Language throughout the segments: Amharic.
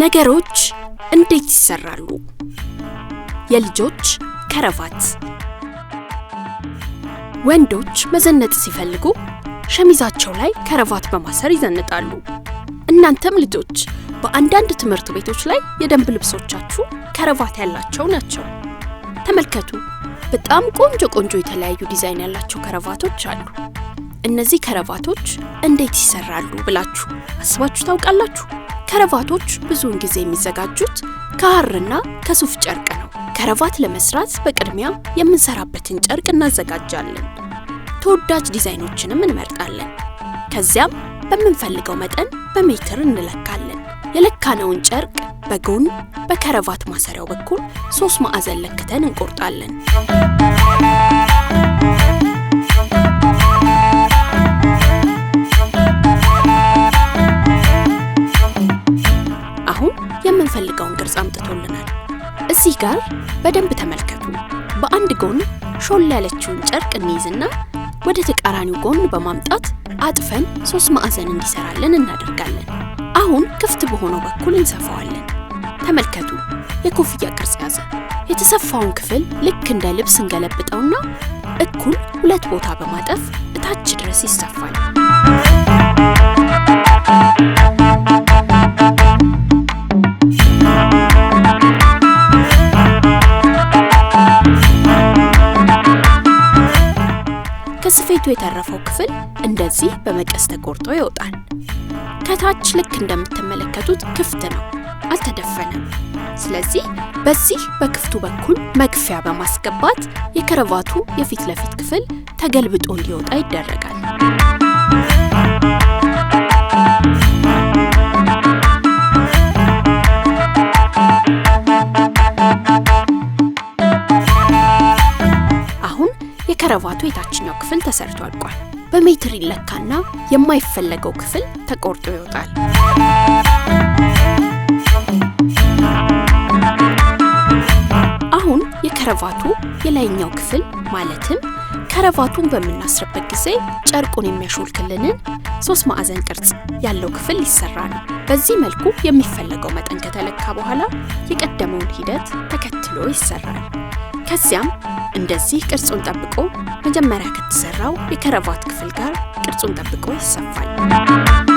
ነገሮች እንዴት ይሰራሉ? የልጆች ከረባት። ወንዶች መዘነጥ ሲፈልጉ ሸሚዛቸው ላይ ከረባት በማሰር ይዘንጣሉ። እናንተም ልጆች በአንዳንድ ትምህርት ቤቶች ላይ የደንብ ልብሶቻችሁ ከረባት ያላቸው ናቸው። ተመልከቱ፣ በጣም ቆንጆ ቆንጆ የተለያዩ ዲዛይን ያላቸው ከረባቶች አሉ። እነዚህ ከረባቶች እንዴት ይሰራሉ ብላችሁ አስባችሁ ታውቃላችሁ? ከረቫቶች ብዙውን ጊዜ የሚዘጋጁት ከሐርና ከሱፍ ጨርቅ ነው። ከረቫት ለመስራት በቅድሚያ የምንሰራበትን ጨርቅ እናዘጋጃለን። ተወዳጅ ዲዛይኖችንም እንመርጣለን። ከዚያም በምንፈልገው መጠን በሜትር እንለካለን። የለካነውን ጨርቅ በጎን በከረቫት ማሰሪያው በኩል ሶስት ማዕዘን ለክተን እንቆርጣለን። የምንፈልገውን ቅርጽ አምጥቶልናል። እዚህ ጋር በደንብ ተመልከቱ። በአንድ ጎን ሾል ያለችውን ጨርቅ እንይዝና ወደ ተቃራኒው ጎን በማምጣት አጥፈን ሶስት ማዕዘን እንዲሰራልን እናደርጋለን። አሁን ክፍት በሆነው በኩል እንሰፋዋለን። ተመልከቱ፣ የኮፍያ ቅርጽ ያዘ። የተሰፋውን ክፍል ልክ እንደ ልብስ እንገለብጠውና እኩል ሁለት ቦታ በማጠፍ እታች ድረስ ይሰፋል። ከስፌቱ የተረፈው ክፍል እንደዚህ በመቀስ ተቆርጦ ይወጣል። ከታች ልክ እንደምትመለከቱት ክፍት ነው፣ አልተደፈነም። ስለዚህ በዚህ በክፍቱ በኩል መግፊያ በማስገባት የከረባቱ የፊት ለፊት ክፍል ተገልብጦ እንዲወጣ ይደረጋል። ከረቫቱ የታችኛው ክፍል ተሰርቶ አልቋል። በሜትር ይለካና የማይፈለገው ክፍል ተቆርጦ ይወጣል። አሁን የከረቫቱ የላይኛው ክፍል ማለትም ከረቫቱን በምናስርበት ጊዜ ጨርቁን የሚያሾልክልንን ሶስት ማዕዘን ቅርጽ ያለው ክፍል ሊሰራ ነው። በዚህ መልኩ የሚፈለገው መጠን ከተለካ በኋላ የቀደመውን ሂደት ተከትሎ ይሰራል። ከዚያም እንደዚህ ቅርጹን ጠብቆ መጀመሪያ ከተሰራው የከረቫት ክፍል ጋር ቅርጹን ጠብቆ ይሰፋል።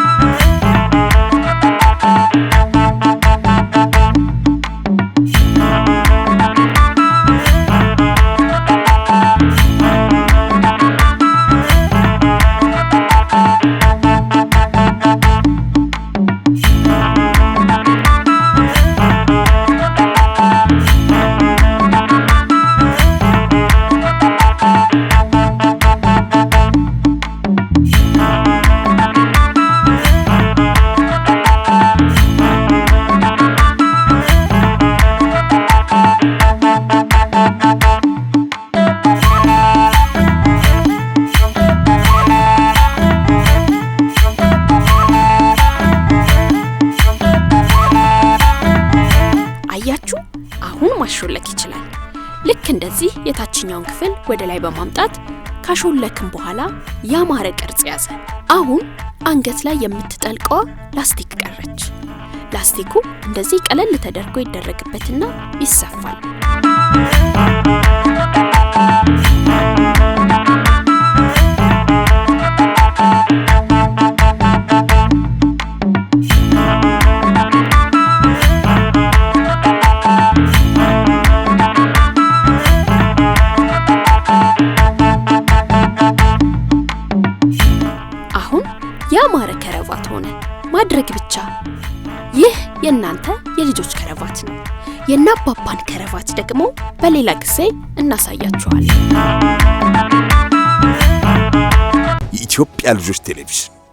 ልክ እንደዚህ የታችኛውን ክፍል ወደ ላይ በማምጣት ካሾለክም በኋላ ያማረ ቅርጽ ያዘ። አሁን አንገት ላይ የምትጠልቀዋ ላስቲክ ቀረች። ላስቲኩ እንደዚህ ቀለል ተደርጎ ይደረግበትና ይሰፋል። ያማረ ከረባት ሆነ። ማድረግ ብቻ። ይህ የእናንተ የልጆች ከረባት ነው። የናባባን ከረባት ደግሞ በሌላ ጊዜ እናሳያችኋለን። የኢትዮጵያ ልጆች ቴሌቪዥን